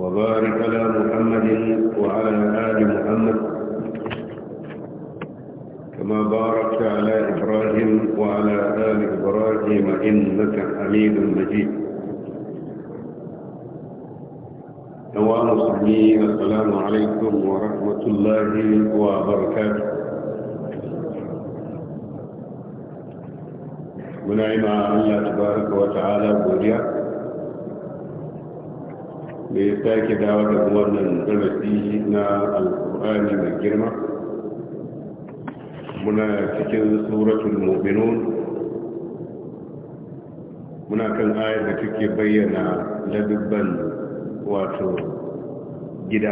وبارك على محمد وعلى آل محمد كما باركت على إبراهيم وعلى آل إبراهيم إنك حميد مجيد أوام مسلمين السلام عليكم ورحمة الله وبركاته ونعم على الله تبارك وتعالى wa da ya sake dawo da wannan darasi na alkur'ani mai girma muna cikin suratul mu'minun muna kan ayar da take bayyana ladubban wato gida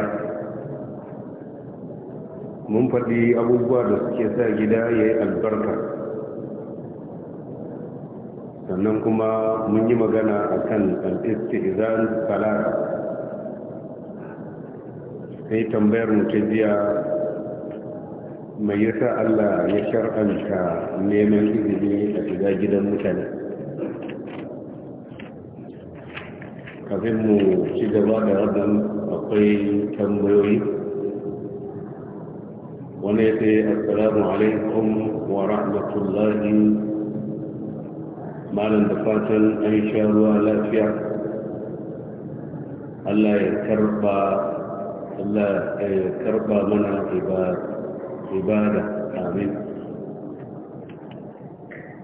mun faɗi abubuwa da suke sa gida ya yi albarka sannan kuma mun yi magana a kan al'isti izan salata sai tambayar mu ta jiya mai yasa Allah ya shar'anta neman izini a shiga gidan mutane kafin mu ci gaba da rabin akwai tambayoyi wani ya ce assalamu alaikum wa rahmatullahi malam da fatan an sha ruwa lafiya Allah ya karba Allah ya karba mana ibada amin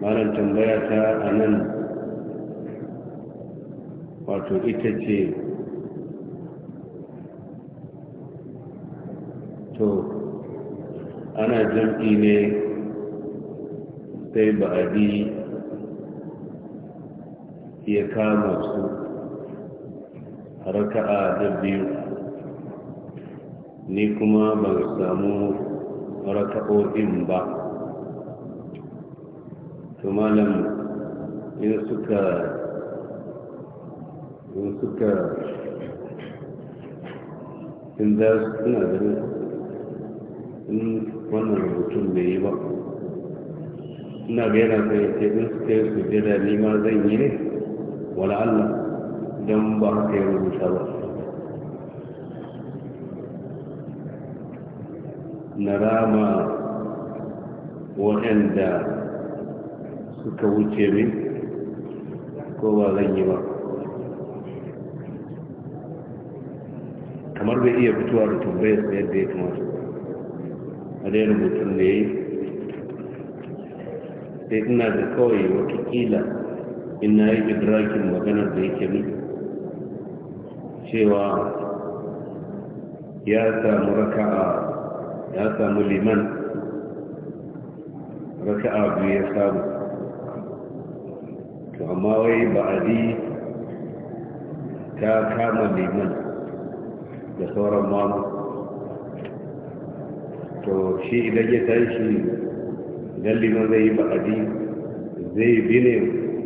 malam tambaya ta a nan wato ita ce to ana jam'i ne sai ba'adi ya kama su A raka'a da biyu ni kuma ban samu raka'o'in ba to malam in suka in suka in za suna ganin in wannan rubutun bai yi ba ina ga yana sai ce in suka yi sujada ni ma zan yi ne wala Allah don ba haka yi rubuta ba na rama waɗanda suka wuce min ko ba zan yi ba kamar bai iya fitowa da tambayar da yadda ya kamata a da mutum ne sai ina da kawai watakila ina yi idrakin maganar da yake nufi cewa ya samu a. ya samu liman raka abu ya samu to amma wai ba'adi ta kama liman da sauran mamu to shi idan ya tashi idan liman zai yi ba'adi zai bi ne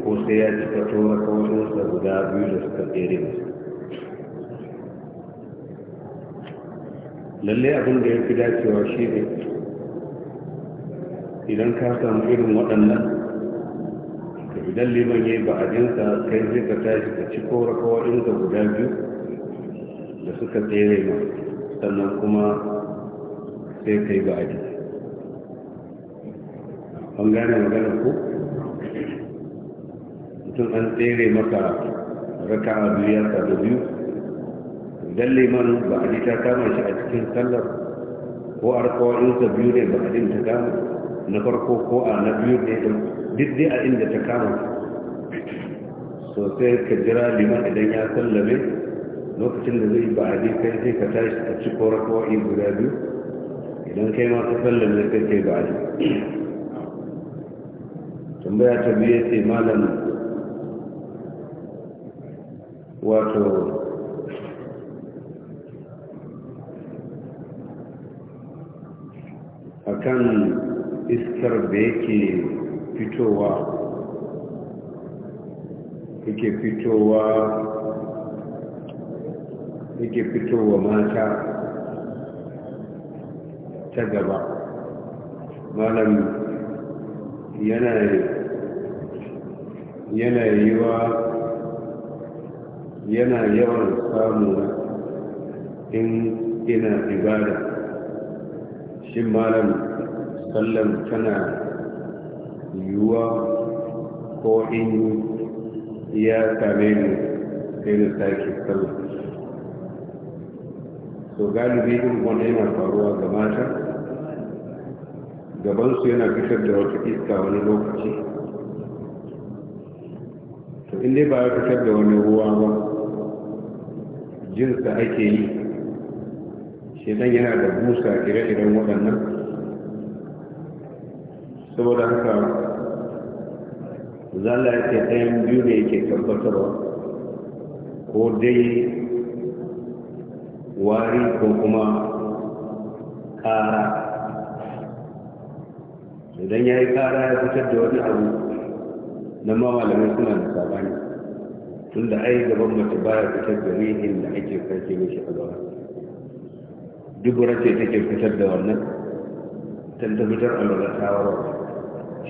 ko sai ya cika tora da guda biyu da suka tsere masu lalle abin da ya fi dacewa shi ne idan ka samu irin waɗannan ka idan liman ya yi ba'adinsa kai zai ka tashi ka ci kora kawa'inka guda biyu da suka tsere ma sannan kuma sai ka yi ba'adi an gane magana ko mutum an tsere maka raka a biyu ya biyu idan limanin ba'adi ta kama shi a cikin sallar ko a rakawarinsa biyu ne ba'adin ta kama na farko ko a na biyu ne duk dai a inda ta kama sosai ka jira liman idan ya sallame lokacin da zai ba'adi kai sai ka tashi a ci ko guda biyu idan kai ma ka sallame kai kai ba'adi tambaya ta biyu ya ce malam wato kan iskar da yake fitowa yake fitowa yake fitowa mata ta gaba malam yana wa yana yawan samun in ina ibada shin malam sallan tana yiwuwa ko in ya same ni sai na sake sallah to galibi in wanda yana faruwa ga mata gabansu yana fitar da wata iska wani lokaci to inda ba ya fitar da wani ruwa ba jinsa ake yi idan yana da busa ire-iren waɗannan saboda haka zala ya ce ɗayan biyu ne yake tabbatarwa ko dai wari ko kuma ƙara idan ya yi ƙara ya fitar da wani abu na malamai suna da sabani tun da ai gaban mace baya fitar da rihin da ake sarki mishi a gaba dubura ce take fitar da wannan tun da fitar alwala ta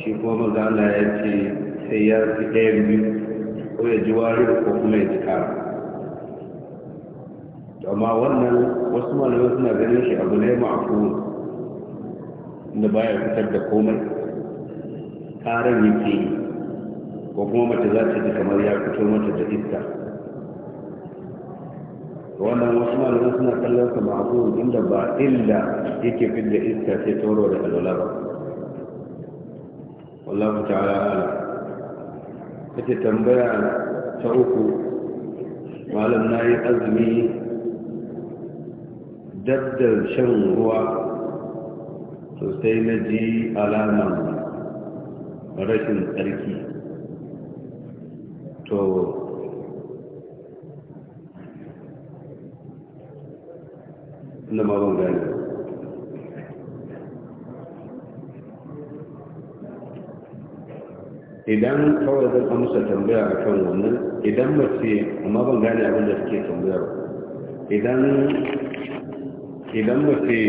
shi kuma maza Allah ya ce sai ya fi ɗayan biyu ko ya ji wari ko kuma ya ji kara amma wannan wasu malamai suna ganin shi abu ne ma'afu da baya fitar da komai karan yake ko kuma mace za ta ji kamar ya fito mata da iska wannan wasu malaman suna kallon sa ma'azu inda ba illa yake fidda iska sai toro da alwala ba wallahu ta'ala ala kace tambaya ta uku malam na yi azumi daddar shan ruwa sosai na ji alaman rashin tsarki to inda ma ban gane idan kawai zan amsa tambaya a kan wannan idan mace amma ban gane abin da suke tambayar idan idan mace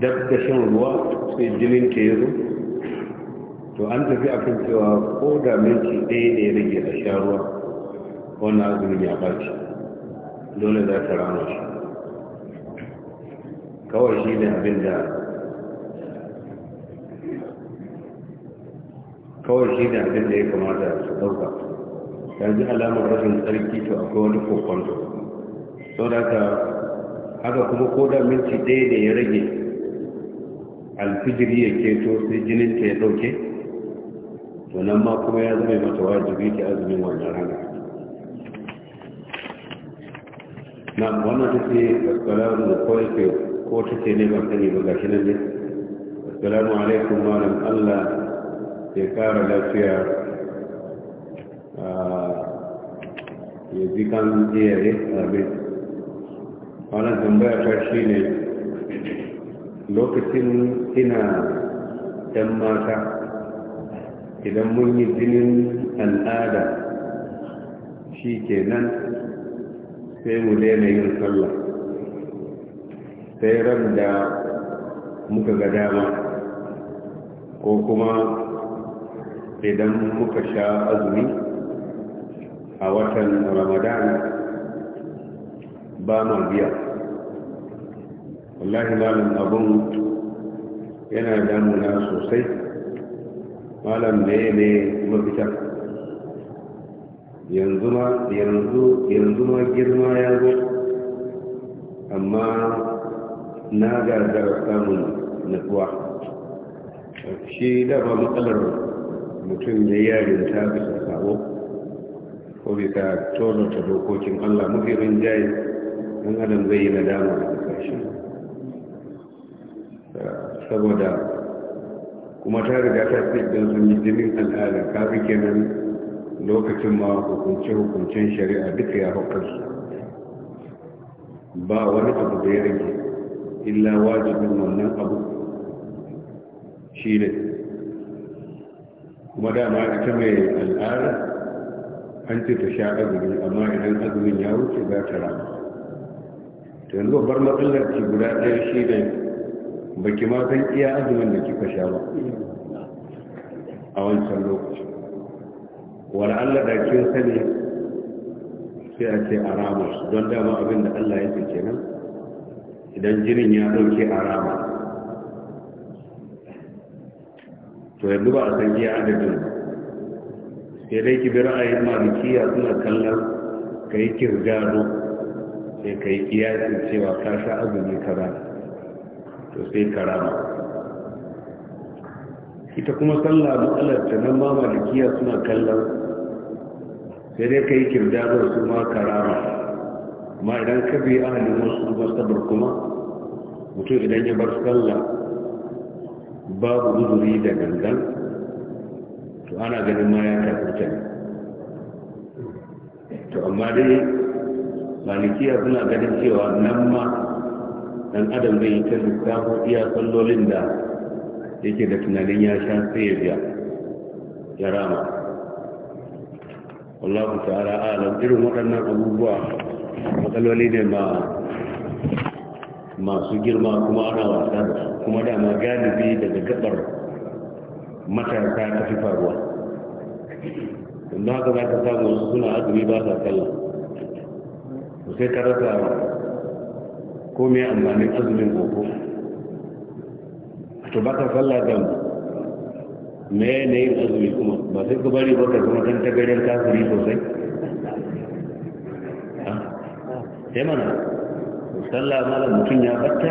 dab da shan ruwa sai jinin ke yi to an tafi a kan cewa ko da minti ɗaya ne rage a sha ruwa wannan azumin ya ɓaci dole za ta rama shi kawai shi ne abin da kawai shi ne abin da ya kamata su dauka yanzu alamar rashin tsarki to akwai wani kokonto sau da ka haka kuma ko minti ɗaya da ya rage alfijiri ya keto sai jinin ta ya dauke? to nan ma kuma ya zama mata wajibi ta azumin wannan rana na wannan ta da kwalar da kawai ko ta ce ne ba sani ba shi nan ne assalamu alaikum malam allah ya kara lafiya ah, ya ji kan iyaye abin wannan tambaya ta shi ne lokacin ina yan mata idan mun yi jinin al'ada shi ke nan sai mu daina yin sallah sai ran da muka ga dama ko kuma idan muka sha azumi a watan ramadan ba ma biya wallahi malam abun yana damuna sosai malam ne ne mafita yanzu ma yanzu yanzu ma girma ya zo amma na gagara samun nutsuwa. shi dama matsalar mutum ya yi yarinta bisa sabo ko ka tonata dokokin allah mafi rinjaye ɗan adam zai yi nadama a karshe. saboda kuma ta riga ta fi idan sun yi jinin al'ada kafin kenan lokacin ma hukunce-hukuncen shari'a duka ya haukarsu ba wani abu da ya rage illa wajibin wannan abu shi ne kuma dama ita mai al'ada an ce ta sha azumi amma idan azumin ya wuce za ta rama ta yanzu babbar matsalar ki guda ɗaya shi ne baki ma san iya azumin da kika sha ba a wancan lokaci wala'alla da kin sani sai a ce a ramar don dama abin da allah ya ce kenan idan jirin ya dauke a rama to yanzu ba a san iya adadin sai dai ki bi ra'ayin malikiya suna kallon ka yi kirgado sai ka yi kiyasin cewa ka sha azumi kaza to sai ka rama ita kuma sallah matsalar ta nan ma malikiya suna kallon sai dai ka yi kirgado su ma ka rama amma idan ka bi ahalin wasu sabar kuma mutum idan ya bar sallah babu uzuri da gangan to ana ganin ma ya kafurta ne to amma dai malikiya suna ganin cewa nan ma dan adam zai yi ta lissafo iya sallolin da yake da tunanin ya sha sai ya biya ya rama wallahu ta'ala alam irin waɗannan abubuwa matsaloli ne masu girma kuma ana wasa da kuma dama galibi daga gabar matasa ta fi faruwa inda haka za ka samu wasu suna azumi ba sa sallah sai ka rasa komai me amfanin azumin koko to ba ka kalla dan me ne azumi kuma ba sai ka bari ba ka zama kan tagarin tasiri sosai sai mana sallah malam mutum ya batta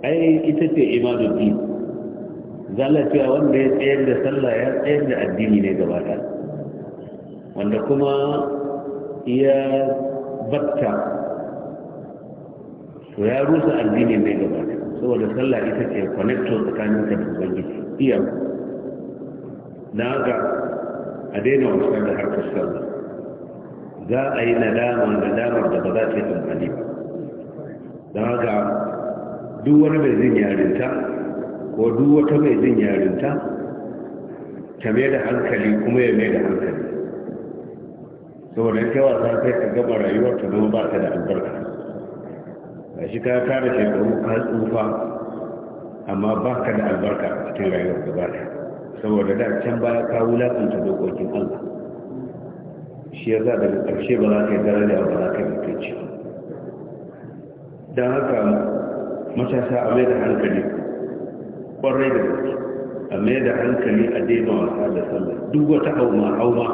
ai ita ce imaduddin zalafiya wanda ya tsayar da sallah ya tsayar da addini ne gaba wanda kuma ya batta to ya rusa addini mai gaba saboda sallah ita ce connecto tsakanin ka da ubangiji iya na ga a daina wasu da harkar sallah za a yi nadama nadamar da ba za ta yi amfani ba don haka duwar mai zin yarinta ko duwata mai zin yarinta ta mai da hankali kuma ya mai da hankali saboda yake wasa sai ka gaba rayuwar ta zama ba ta da albarka ba shi ka tara shekaru ka tsufa amma ba ka da albarka cikin rayuwar gaba saboda da can baya ka wulakanta dokokin allah shi ya za daga ƙarshe ba za ka yi daraja ba za ka yi mutunci don haka matasa a mai da hankali ƙwarai da gaske a mai da hankali a daina wasa da sallah duk wata hauma hauma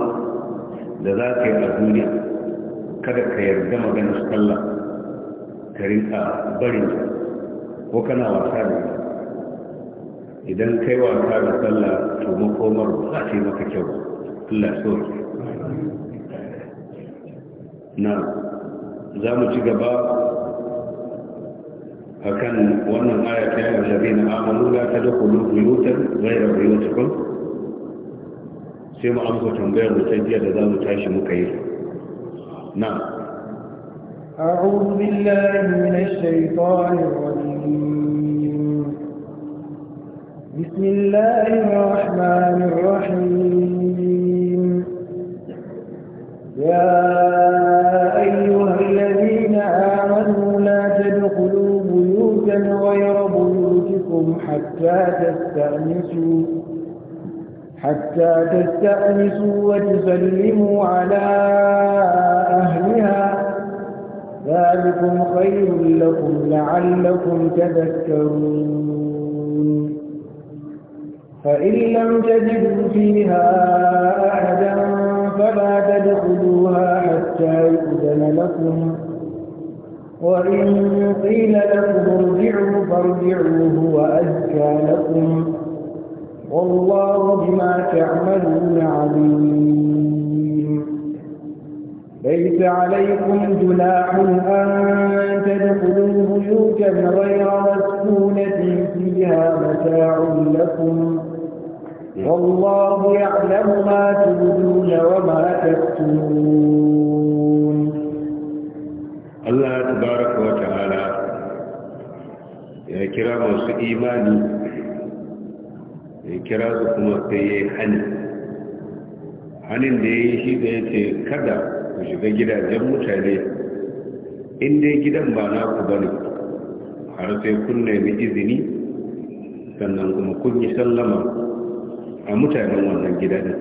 da za ka yi a duniya kada ka yarda maganar sallah ka rinka barin ko kana wasa da ita idan kai wasa da sallah to makomar ba za ta yi maka kyau Allah so ki na za mu ci gaba a kan wannan ayata ya wallafi na amalu ya ta da kulu zaira sai mu amsa tambayar mu ta da za mu tashi muka yi na بسم الله الرحمن الرحيم يا حتى تستأنسوا حتى تستأنسوا وتسلموا على أهلها ذلكم خير لكم لعلكم تذكرون فإن لم تجدوا فيها أحدا فلا تدخلوها حتى يؤذن لكم وإن قيل لكم ارجعوا فارجعوا هو أزكى لكم والله بما تعملون عليم ليس عليكم جناح أن تدخلوا بيوتا غير مسكونة فيها متاع لكم والله يعلم ما تبدون وما تكتمون Allah tabaraka wa ta'ala ya kira masu imani ya kira su kuma sai ya yi hannun da ya yi shi da ya ce kada ku shiga gidajen mutane inda gidan ba naku ba ne har sai kun nemi izini sannan kuma kun yi sallama a mutanen wannan gidan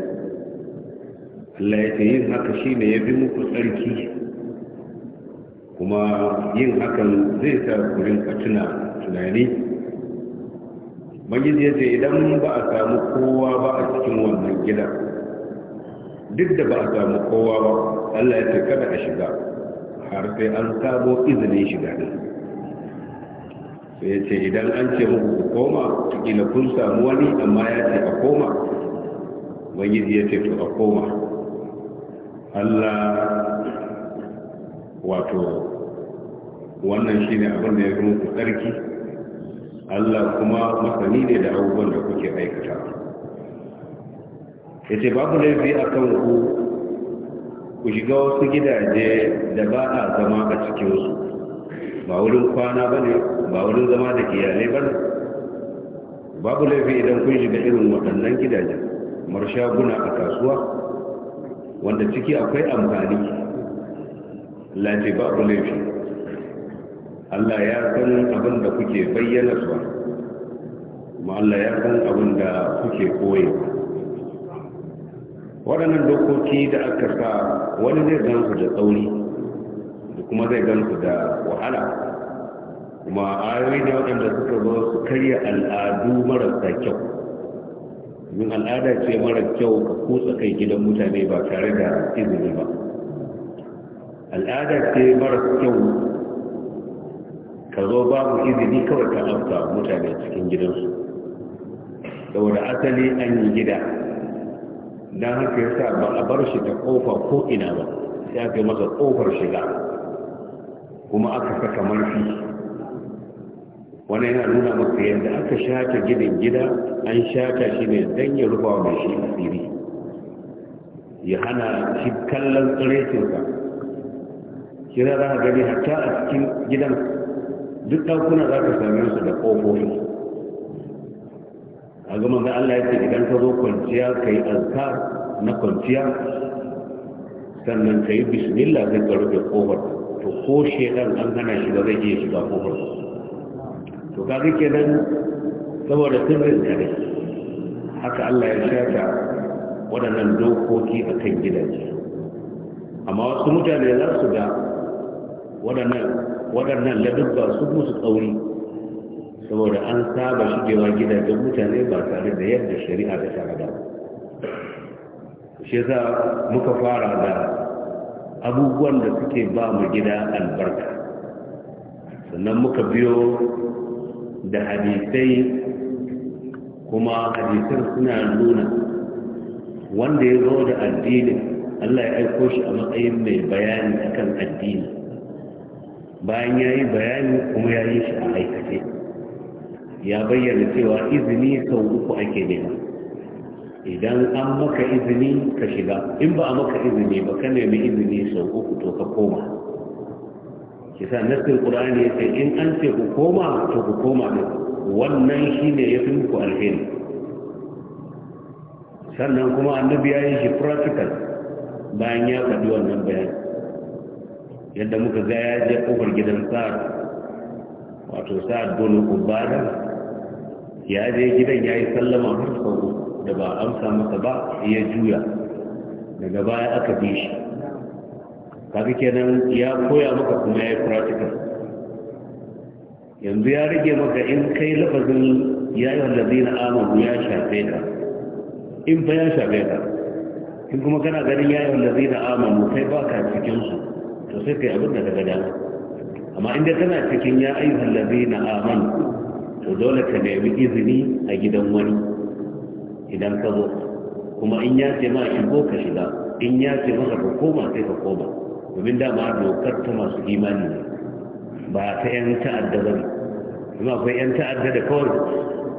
Allah ya ce yin haka shi ne ya fi muku tsarki kuma yin hakan zai sa ku a tuna tunani magiji ya ce idan ba a samu kowa ba a cikin wannan gida duk da ba a samu kowa ba allah ya ce kada a shiga har sai an samo izinin shiga ne sai ya ce idan an ce muku ku koma kila kun samu wani amma ya ce a koma magiji ya ce to a koma allah wato wannan shi ne abin da ya zama ku tsarki Allah kuma masani ne da abubuwan da kuke aikata ya ce babu laifi a kan ku ku shiga wasu gidaje da ba a zama a cikinsu ba wurin kwana ba ne ba wurin zama da iyalai ba ne babu laifi idan kun shiga irin waɗannan gidaje, mar shaguna a kasuwa wanda ciki akwai amfani lati babu laifi Allah ya san abin da kuke bayyana su kuma Allah ya san abin da kuke koyi waɗannan dokoki da aka sa wani zai gan su da tsauri da kuma zai gan su da wahala kuma ayoyi ne waɗanda suka zo su karya al'adu marasa kyau domin al'ada ce mara kyau ka kutsa kai gidan mutane ba tare da izini ba al'ada ce mara kyau ka zo babu izini kawai ka amsa mutane cikin gidansu saboda asali an yi gida don haka ya sa ba a bar shi ta kofa ko ina ba sai aka yi masa kofar shiga kuma aka saka marfi wani yana nuna maka yadda aka shata gidan gida an shata shi ne don ya rufa mai shi asiri ya hana shi kallon tsiretinsa kira za a gani hatta a cikin gidan duk ɗakuna za ka same su da ƙofofi a gama ga Allah ya ce idan ka zo kwanciya ka yi azkar na kwanciya sannan ka yi bismillah zai ka rufe ƙofar to ko shekar an hana shi ba zai iya shiga ƙofar to ke kenan saboda sirrin ka ne haka Allah ya shata waɗannan dokoki a kan gidaje amma wasu mutane za su ga waɗannan waɗannan ba su musu tsauri saboda an saba shigewa gidajen mutane ba tare da yadda shari'a ta shahada shi yasa muka fara da abubuwan da suke ba mu gida albarka sannan muka biyo da hadisai kuma hadisar suna nuna wanda ya zo da addinin Allah ya aiko shi a matsayin mai bayani akan addini bayan ya yi bayani kuma ya yi shi a aikace ya bayyana cewa izini sau uku ake nema idan an maka izini ka shiga in ba a maka izini ba ka nemi izini sau uku to ka koma kisa nassin ya ce in an ce ku koma to ku koma ne wannan shine yafi muku alheri sannan kuma annabi ya yi shi practical bayan ya faɗi wannan bayani yadda muka ga ya je kofar gidan sa'ad wato sa'ad bolo ubada ya je gidan ya yi sallama har sau da ba amsa masa ba ya juya daga baya aka bi shi kaga kenan ya koya maka kuma ya yi practical yanzu ya rage maka in kai lafazin ya yi wallazi na amonu ya shafe ka in fa ya shafe ka in kuma kana ganin ya yi wallazi na amonu kai ba ka cikinsu to sai kai abin da ka gada amma inda tana cikin ya ayyuhal ladina aman to dole ka nemi izini a gidan wani idan ka zo kuma in ya ce ma shigo ka shiga in ya ce maka ka koma sai ka koma domin dama dokar ta masu imani ne ba ta yan ta'adda ba ne kuma akwai yan ta'adda da kawai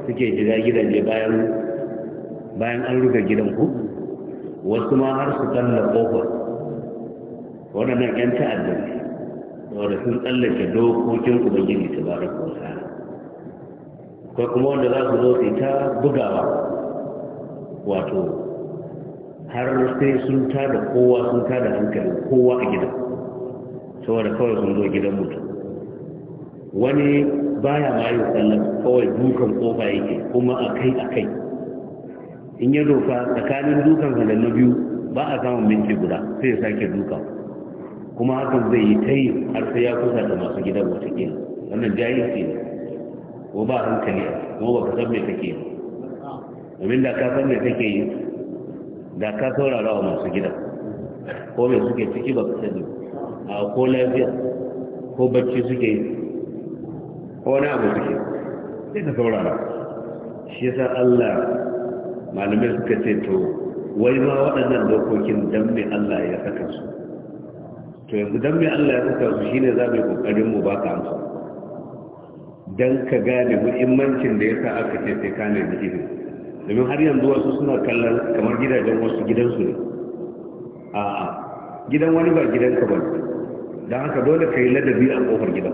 suke shiga gidaje bayan bayan an rufe gidan ku wasu ma har su kalla kofar waɗannan 'yan ta'adda wadda sun tsallake dokokin ubangiji ta bada kosa ko kuma wanda za su zo su ta bugawa wato har sai sun tada kowa sun tada hankali kowa a gidan saboda kawai sun zo gidan mutum wani baya ma yi sallan kawai dukan kofa yake kuma a kai a kai in ya dofa tsakanin dukan halallu biyu ba a samun minti guda sai ya sake dukan kuma hakan zai yi ta yi har sai ya kusa da masu gidan wataƙila wannan jahilci ne ko ba hankali kuma ba ka san mai take yi domin da ka san me take yi da ka saurara wa masu gidan ko me suke ciki ba ka sani a ko lafiya ko bacci suke yi ko wani abu suke sai ka saurara shi yasa Allah malamai suka ce to wai ma waɗannan dokokin don me Allah ya saka su to yanzu don mai Allah ya saka su shine za mu yi kokarin mu ba ka amsa Don ka gane muhimmancin da ya sa aka ce sai kane da ido domin har yanzu wasu suna kallon kamar gidajen wasu gidansu ne a'a gidan wani ba gidan ka ba don haka dole ka yi ladabi a kofar gidan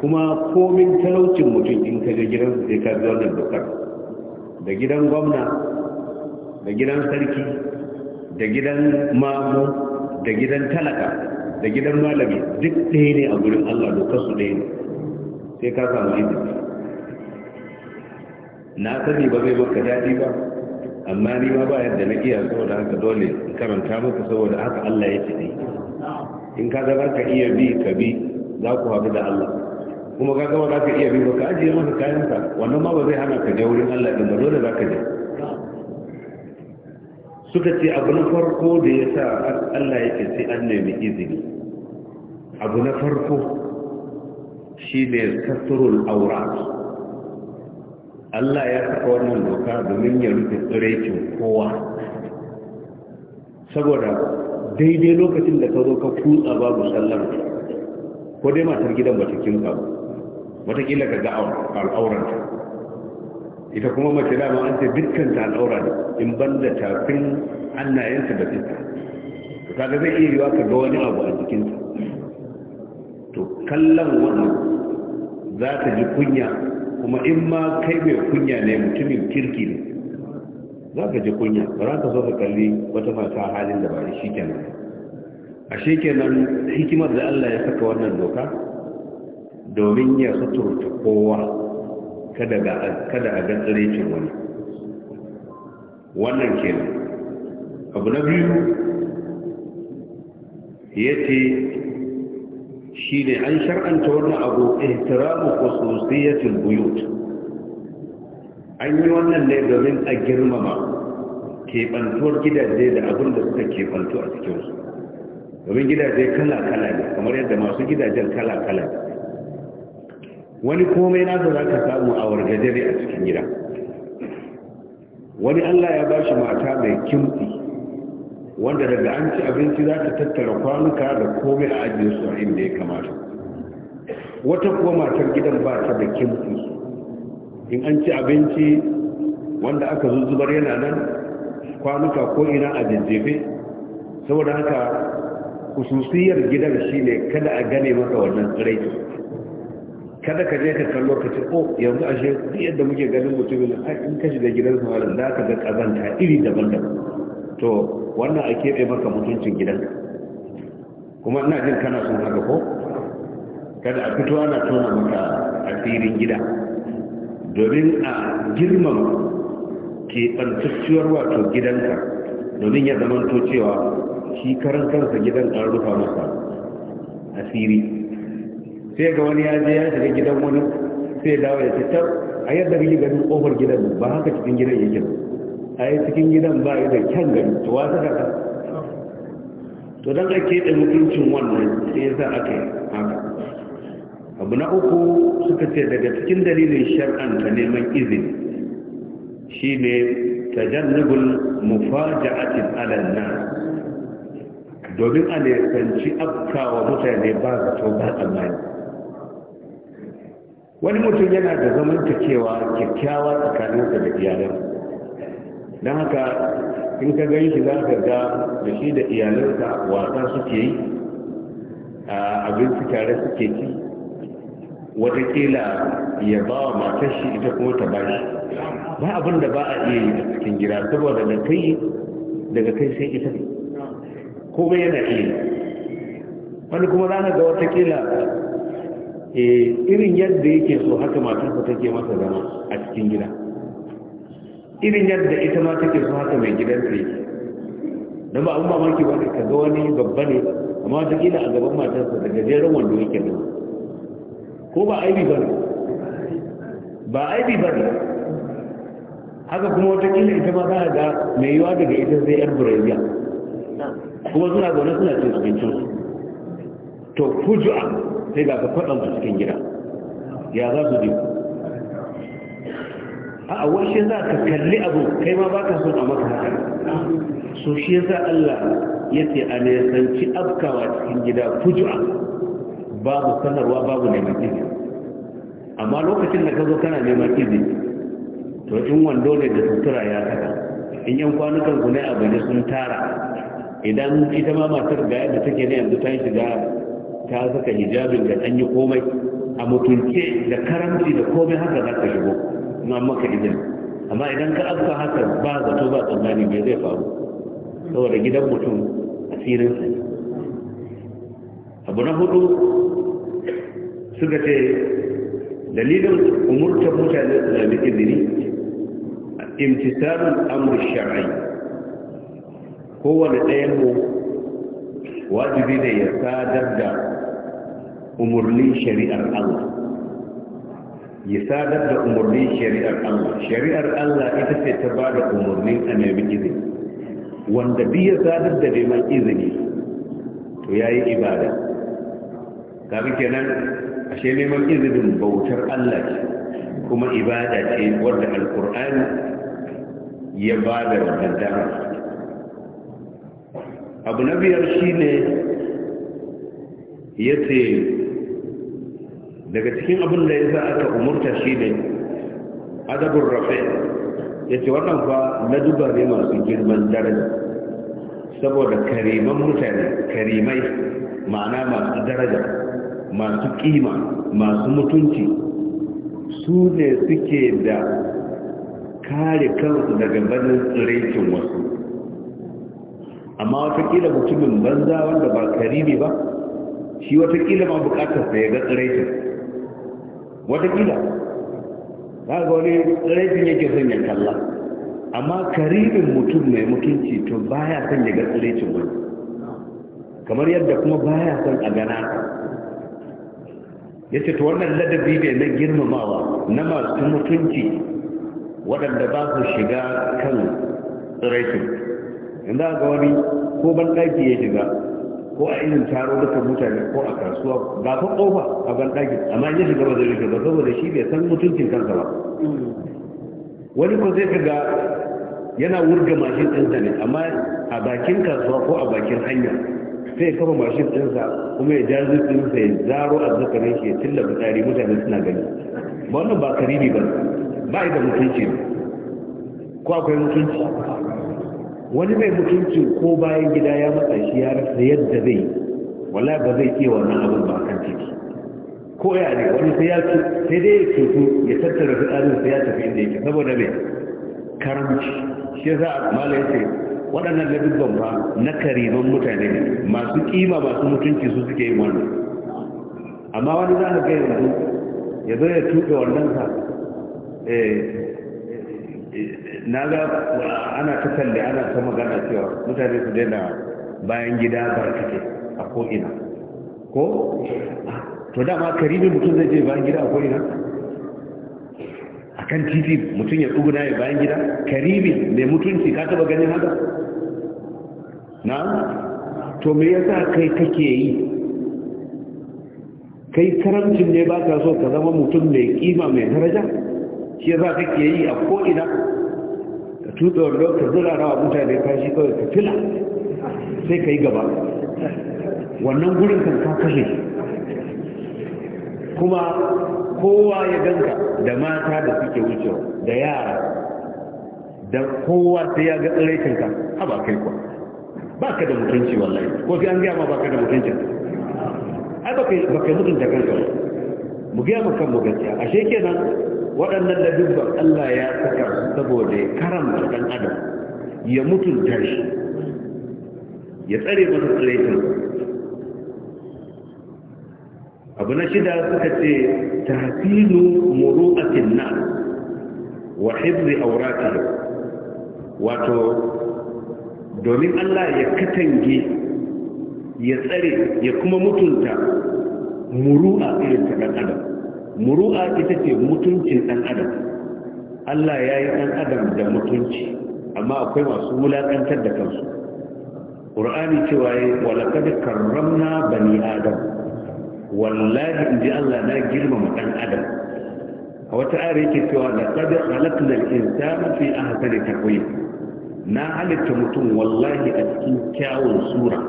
kuma komin talaucin mutum in ka je gidansu sai ka zuwa wannan dokar da gidan gwamna da gidan sarki da gidan mamu da gidan talaka da gidan malami duk ɗaya ne a gurin Allah dokar su ɗaya ne sai ka samu izini na sani ba zai maka daɗi ba amma ni ma ba yadda na iya saboda haka dole in karanta maka saboda haka Allah ya ce ne in ka ga ka iya bi ka bi za ku haɗu da Allah kuma ka ga ba za ka iya bi ba ka ajiye maka kayanka wannan ma ba zai hana ka je wurin Allah din ba dole za ka je suka ce abu na farko da ya sa Allah ya ce sai an nemi izini abu na farko shi ne kasarul aurat Allah ya saka wannan doka domin ya rufe tsiraicin kowa saboda daidai lokacin da ka zo ka kutsa babu sallar ko dai matar gidan ba ka ga al'auranta ita kuma mace dama an ce dukkan ta al'aura ne in banda tafin hannayensa da fiska to kaga zai iya yiwa ka ga wani abu a jikinta to kallon wannan za ta ji kunya kuma in ma kai mai kunya ne mutumin kirki ne za ka ji kunya ba za ka so ka kalli wata mata halin da ba shi kenan a shi kenan hikimar da Allah ya saka wannan doka domin ya suturta kowa kada a ga tsirecin wani wannan kenan abu na biyu yace shi ne an shar'anta wannan abu ihtiramu khususiyatil buyut an yi wannan ne domin a girmama keɓantuwar gidaje da abinda suka keɓantu a cikinsu domin gidaje kala-kala ne kamar yadda masu gidajen kala-kala ne wani komai nasa za ka samu a wargajere a cikin gida wani allah ya ba shi mata mai kimfi wanda daga an ci abinci za ta tattara kwanuka da komai a ajiye su a inda ya kamata wata kuwa matar gidan ba ta da kimfi in an ci abinci wanda aka zuzubar yana nan kwanuka ko ina a jajjefe saboda haka kususiyar gidan shi ne kada a gane maka wannan tsiraici kada ka je ka kallo ka ce ko oh, yanzu ashe duk yadda muke ganin mutumin a in ka shiga gidansa malam za ka ga kazanta iri daban-daban to wannan a keɓe maka mutuncin gidanka kuma ina jin kana son haka ko kada a fito ana tona maka asirin gida domin a girmama keɓantacciyar wato gidanka domin ya zamanto cewa shi karan kansa gidan an rufa masa asiri sai ga wani ya je ya shiga gidan wani sai dawo ya fitar a yadda kake ganin kofar gidan ba haka cikin gidan yake ba a cikin gidan ba da kyan gani to saka kaka to don ka da mutuncin wannan sai za a kai haka abu na uku suka ce daga cikin dalilin ta neman izini shi ne tajannubul mufaja'atin alal nas domin a nisanci afkawa mutane ba zato ba tsammani wani mutum yana da cewa kyakkyawa tsakaninsa da iyalan, don haka in ka gani shi za ka ga da shi da iyalansa wasa suke yi abinci tare suke ci watakila ya ba wa matar shi ita kuma ta ba shi ba abin da ba a iya yi a cikin gida saboda da kai daga kai sai ita ne kome yana iya wani kuma za ka ga watakila Eh, irin yadda yake so haka matarsa take masa zama a cikin gida irin yadda ita ma take so haka mai gidansa yake don ba abin mamaki ba ka ga wani babba ne amma watakila a gaban matarsa da gajeren wanda yake nan ko ba aibi ba ne ba aibi ba ne haka kuma kila ita ma za a ga mai yiwa daga ita sai yar burayya kuma suna zaune suna cin abincinsu to fujua sai ga ka su cikin gida ya za su je a washe za ka kalli abu kai ma baka son a maka haka so shi yasa Allah ya ce a sanci afkawa cikin gida fujua babu sanarwa babu neman izini amma lokacin da ka zo kana neman izi to in wando ne da sutura ya kada in yan kwanukan ku ne abu ne sun tara idan ita ma matar ga yadda take ne yanzu ta yi shiga ta saka hijabin da an yi komai a mutunce da karamci da komai haka za ka shigo na maka izini amma idan ka afka haka ba zato ba tsammani me zai faru saboda gidan mutum a sa abu na hudu suka ce dalilin umurta mutane su dini izini imtisarun amur shari'ai kowane ɗayan mu wajibi ne ya sadar da umarnin shari'ar Allah ya sadar da umarnin shari'ar Allah shari'ar Allah ita ce ta ba da umarnin a nemi izini wanda biya sadar da neman izini to ya yi ibada kamin kenan ashe neman izinin bautar Allah ce kuma ibada ce wadda alkur'ani ya ba da wannan damar abu na biyar shi ne ya daga cikin abin da ya za aka umurta shi ne adabin rafe ya ce wannan fa na duba ne masu girman daraja saboda kariman mutane karimai ma'ana masu daraja masu kima masu mutunci su ne suke da kare kansu daga banin rikin wasu amma watakila mutumin banza wanda ba karimi ba shi watakila ma bukatar sa ya ga tsiraitin watakila za ga wani tsiraitin yake son ya kalla amma karibin mutum mai mutunci to baya son ya ga tsiraicin wani kamar yadda kuma baya son a gana ya ce to wannan ladabi ne na girmamawa na masu mutunci waɗanda ba su shiga kan yanzu inda ga wani ko ban ɗaki ya shiga ko a irin taro duka mutane ko a kasuwa ba fa kofa a ban ɗakin amma in ya shiga ba zai rike ba saboda shi bai san mutuncin kansa ba wani ko zai kaga yana wurga mashin ɗinsa ne amma a bakin kasuwa ko a bakin hanya sai ya kafa mashin ɗinsa kuma ya ja zuɗinsa ya zaro a zakarin shi ya tilla fitsari mutane suna gani wannan ba karibi ba ba da mutunci ko akwai mutunci wani mai mutunci ko bayan gida ya matsa shi ya rasa yadda zai wala ba zai ke wannan abin ba kan ciki ko ya ne wani sai ya ci sai dai ya cutu ya tattara fitsarin sai ya tafi inda yake saboda mai karamci shi yasa mala ce waɗannan labibban ba na kariman mutane ne masu kima masu mutunci su suke yin wannan amma wani za ka ga yanzu ya zo ya tuɗe wannan sa eh, eh, na ga ana ta talle ana ta magana cewa mutane su daina bayan gida barkake a ko'ina ko? to dama karibin mutum zai je bayan gida a ko'ina a kan titi mutum ya tsuguna ya bayan gida karibin mai mutunci ka taba ganin haka? na? to me yasa kai kake yi kai karamcin ne ba ka so ka zama mutum mai kima mai daraja shi yasa kake yi a ko'ina ka tuɗe wanda ka zira rawa mutane kashi kawai ka fila sai ka yi gaba wannan gurin kan ka kashe kuma kowa ya ganka da mata da suke wucewa da yara da kowa sai ya ga tsiraitinka a ba kai kuwa ba ka da mutunci wallahi ko fi an gaya ma ba ka da mutunci ai ba kai mutunta kanka mu gaya ma kan mu gaskiya ashe kenan waɗannan ladubban Allah ya saka saboda ya karanta ɗan adam ya mutunta shi ya tsare masa tsiraitin abu na shida suka ce ta muru a tinna wa hibri aurati wato domin Allah ya katange ya tsare ya kuma mutunta a irin ta ɗan adam muru'a ita ce mutuncin ɗan adam Allah ya yi ɗan adam da mutunci amma akwai masu wulaƙantar da kansu ƙur'ani cewa ya walakar karramna bani adam wallahi in ji Allah na girmama ɗan adam a wata ara yake cewa da kada halaknar insana fi ahsani takwai na halitta mutum wallahi a cikin kyawun sura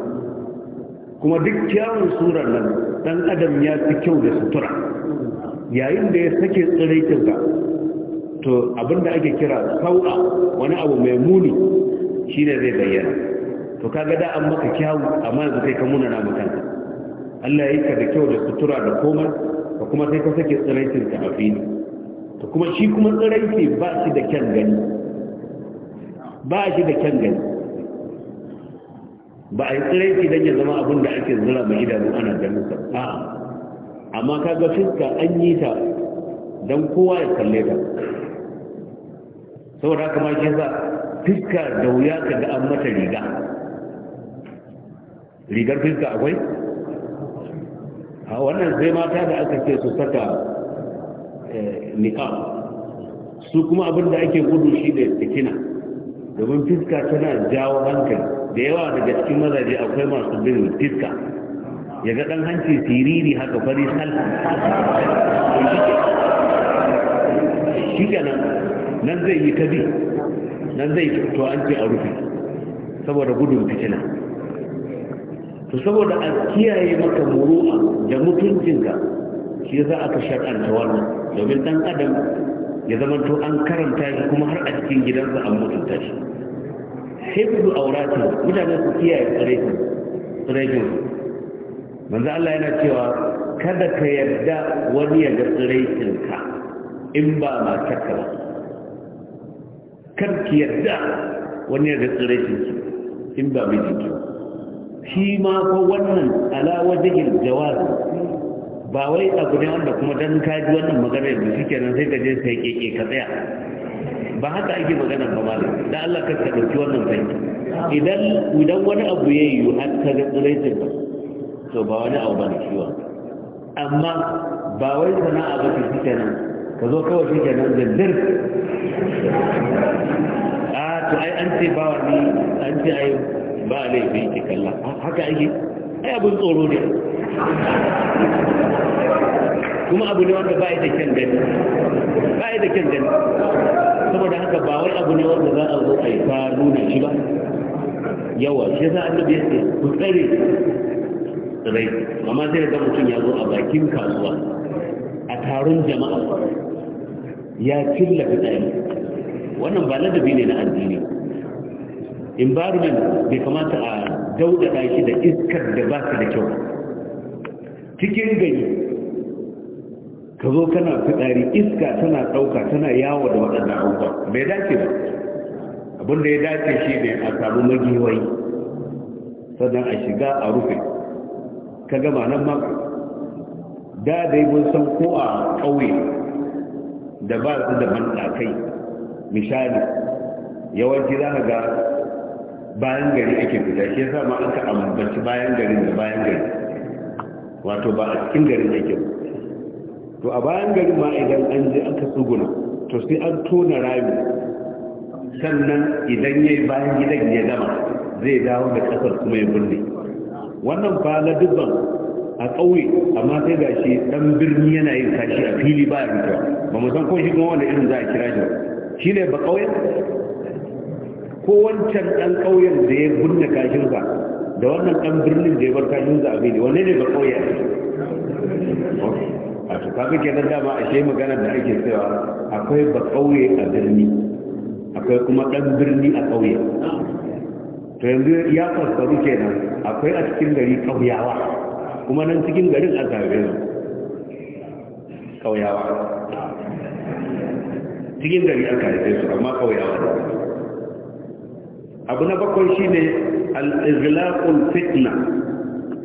kuma duk kyawun surar nan dan adam ya fi kyau da sutura yayin da ya sake tsiraitinka to abinda ake kira sau'a wani abu mai muni shi ne zai bayyana to kaga da an maka kyawu amma yanzu kai ka muna namu mutanka Allah ya yi ka da kyau da sutura da komai ka kuma sai ka sake tsiraitinka a fili to kuma shi kuma tsiraiti ba shi da kyan gani ba shi da kyan gani ba a yi tsiraiti don ya zama abin da ake zura mai idanu ana ganin sa a'a amma kaga fiska an yi ta don kowa ya kalle ta saboda haka ma shi za fiska da wuya ka ga an mata riga rigar fiska akwai a wannan sai mata da aka ce su saka eh, niqab su kuma abin da ake gudu shi ne sikina domin fiska tana jawo hankali da yawa daga cikin mazaje akwai masu bin fiska ya ga ɗan hanci siriri haka fari sal shi kenan nan zai yi ta nan zai to an ce a rufe saboda gudun fitina to saboda a kiyaye maka muru'a da mutuncinka shi za aka shar'anta wannan domin ɗan adam ya zama to an karanta shi kuma har a cikin gidansa an mutunta shi sai ku aurati mutane su kiyaye tsiraikin manzo Allah yana cewa kada ka yarda wani ya ga tsiraitinka in ba matarka ba Kada ki yarda wani ya ga tsiraitinki in ba mai jiki. shi ma fa wannan ala wajhil jawaz ba wai abu ne wanda kuma dan kaji wannan magana da nan, sai ka je sai keke ka tsaya ba haka ake magana ba malam dan Allah ka dauki wannan fanki idan idan wani abu yayi har ka ga tsiraitinka to ba wani abu ba ne ciwon amma ba wai sana'a ba ce shi kenan ka zo kawai shi kenan zindir a to ai an ce bawa ni an ce ai ba a laifin ki kalla haka ake ai abin tsoro ne kuma abu ne wanda ba da kyan gani ba da kyan gani saboda haka ba wai abu ne wanda za a zo a yi faru da shi ba yawa shi za a nabi yake ku tsare tsirai amma sai da mutum ya zo a bakin kasuwa a taron jama'a ya cilla fitsari wannan ba ladabi ne na addini environment bai kamata a daudada shi da iskar da ba su da kyau cikin gari ka zo kana fitsari iska tana ɗauka tana yawo da waɗannan abubuwa bai dace ba abin ya dace shi ne a samu magiwai sannan a shiga a rufe ka gama nan ma da dai mun san ko a ƙauye da ba su da manɗakai misali yawanci za ka ga bayan gari ake fita shi yasa ma ka ambaci bayan gari da bayan gari wato ba a cikin garin yake to a bayan gari ma idan an je an ka tsuguna to sai an tona rami sannan idan ya yi bayan gidan ya zama zai dawo da kasar kuma ya burne wannan fa na dubban a ƙauye amma sai ga shi ɗan birni yana yin kashi a fili ba a rikewa ba mu san ko shi kuma wanda irin za a kira shi shi ne ba ƙauyen ko wancan ɗan ƙauyen da ya kashin kashinsa da wannan ɗan birnin da ya bar kashinsa a fili wanne ne ba kauye a su ke nan dama a shi magana da ake cewa akwai ba ƙauye a birni akwai kuma ɗan birni a ƙauye to yanzu ya fassaru kenan akwai a cikin gari kauyawa kuma nan cikin garin a zaɓe su kauyawa cikin gari a karfe su amma kauyawa ne abu na bakwai shi ne al’izlaƙun fitna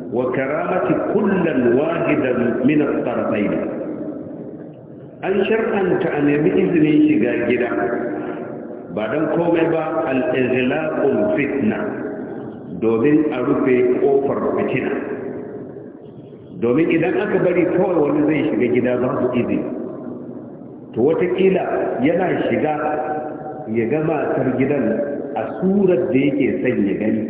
wa karamati kullan da min at-tarfayn an shar'anta a nemi izinin shiga gida ba don komai ba al'izilakun fitna domin a rufe ƙofar fitina domin idan aka bari kawai wani zai shiga gida ba su izi to watakila yana shiga ya gama tar gidan a surar da yake sanya gani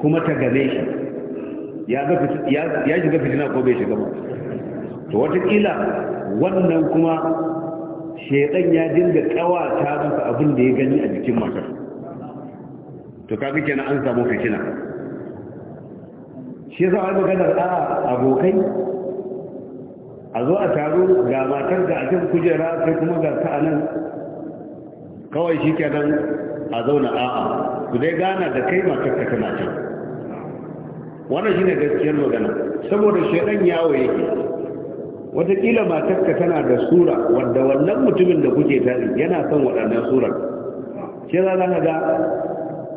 kuma ta game shi ya shiga fitina ko bai shiga ba to watakila wannan kuma shaidan ya dinga kawata masa abin da ya gani a jikin matar to kaga kenan an samu fitina shi za a yi maganar a abokai a zo a taro ga matar da a kujera sai kuma ga ta a nan kawai shi kenan a zauna a'a ku dai gana da kai matar ka tana can wannan shine gaskiyar magana saboda shaidan yawo yake watakila matarka tana da sura wadda wannan mutumin da kuke tare yana son waɗannan surar shi za ka ga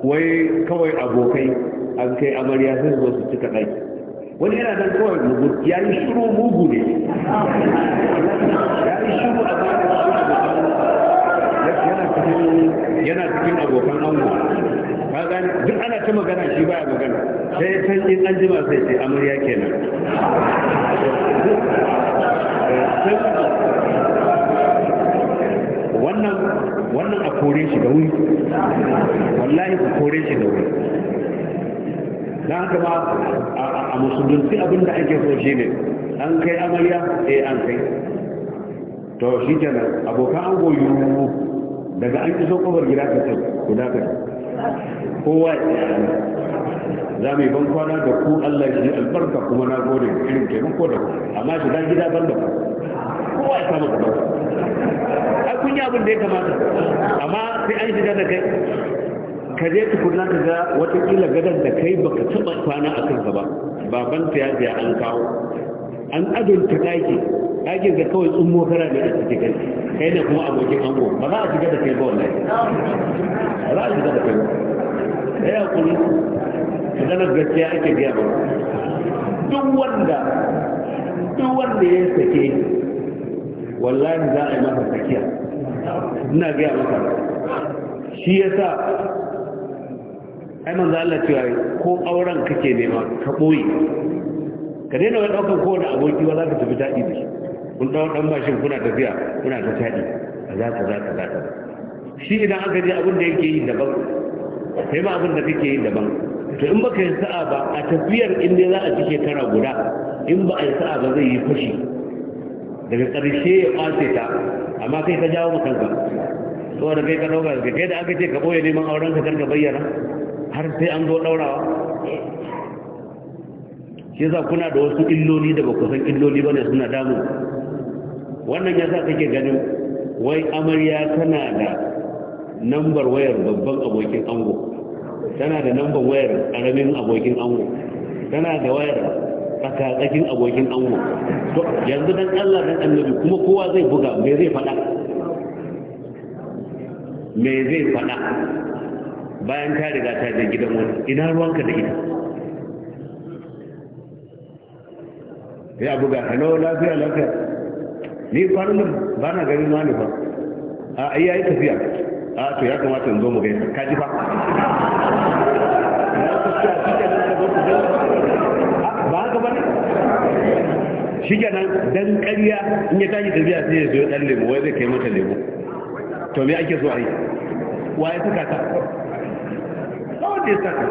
wai kawai abokai an kai amarya sai su su cika ɗaki wani yana nan kawai mugu ya yi shiru mugu ne ya yi shiru a bayan yana cikin abokan ango duk ana ta magana shi baya magana sai ya san in an jima sai amarya kenan wannan wannan a kore shi da wuri wallahi ku kore shi da wuri haka a musulunci abinda ake so shi ne an kai amarya eh an kai to shi kenan abokan ango yiwu daga an iso kofar gida ka sai ku dakata kowa za mu yi ban kwana da ku Allah shi albarka kuma na gode irin mun ko da ku amma shi da gida ban da ku kowa ya samu kuma ai kun yi abin da ya kamata amma sai an shiga da kai ka je tukunna ka ga watakila gadon da kai baka taba kwana a kansa ba baban ta ya je an kawo an adunta daki ɗakin ka kawai tsun kana ne a cikin kai ne kuma abokin ango ba za a shiga da kai ba wallahi ba za a shiga da kai ba sai ya kuri maganar gaskiya ake biya ba duk wanda duk wanda ya sake wallahi za a yi masa sakiya ina gaya maka shi ya sa ai manzo Allah cewa ko auren kake nema ka boye ka daina wani ɗaukar kowane aboki ba za ka tafi daɗi da shi kun dawo dan mashin kuna tafiya kuna ta tadi za ka za ka shi idan aka ji abin da yake yi daban sai ma abin da kake yi daban to in baka yi sa'a ba a tafiyar in dai za a cike shekara guda in ba a yi sa'a ba zai yi fashi daga ƙarshe ya kwace ta amma kai ka jawo makanka da kai ka dauka ka kai da aka ce ka boye neman auren ka kar ka bayyana har sai an zo daurawa shi yasa kuna da wasu illoli da ba ku san illoli ne suna damu wannan ya sa kake ganin wai amarya tana da nambar wayar babban abokin ango tana da nambar wayar karamin abokin ango tana da wayar tsakatsakin abokin ango to yanzu dan Allah dan annabi kuma kowa zai buga me zai faɗa me zai faɗa bayan ta riga ta je gidan wani ina ruwanka da ita ya buga hello lafiya lafiya ni kwanan nan ba na ganin wani ba a ai yi tafiya a to ya kamata in zo mu gaisa ka ji fa ba haka ba shi nan dan ƙarya in ya tashi tafiya sai ya zo ya dan lemu wai zai kai mata lemu to me ake so a yi wa ya saka ta kawai wanda ya saka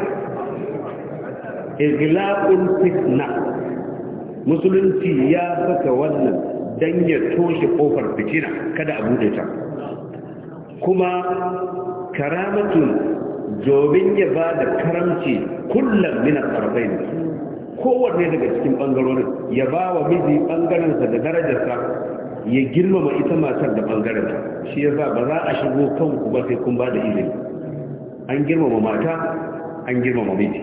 iglaqul fitna musulunci ya saka wannan don ya toshe kofar fitina kada a bude ta kuma karamatun domin ya ba da karamci kullum mina tsarfai ne kowanne daga cikin bangarorin ya ba wa miji bangarensa da darajarsa ya girmama ita matar da bangarensa shi ya ba za a shigo kanku ba sai kun ba da izini an girmama mata an girmama miji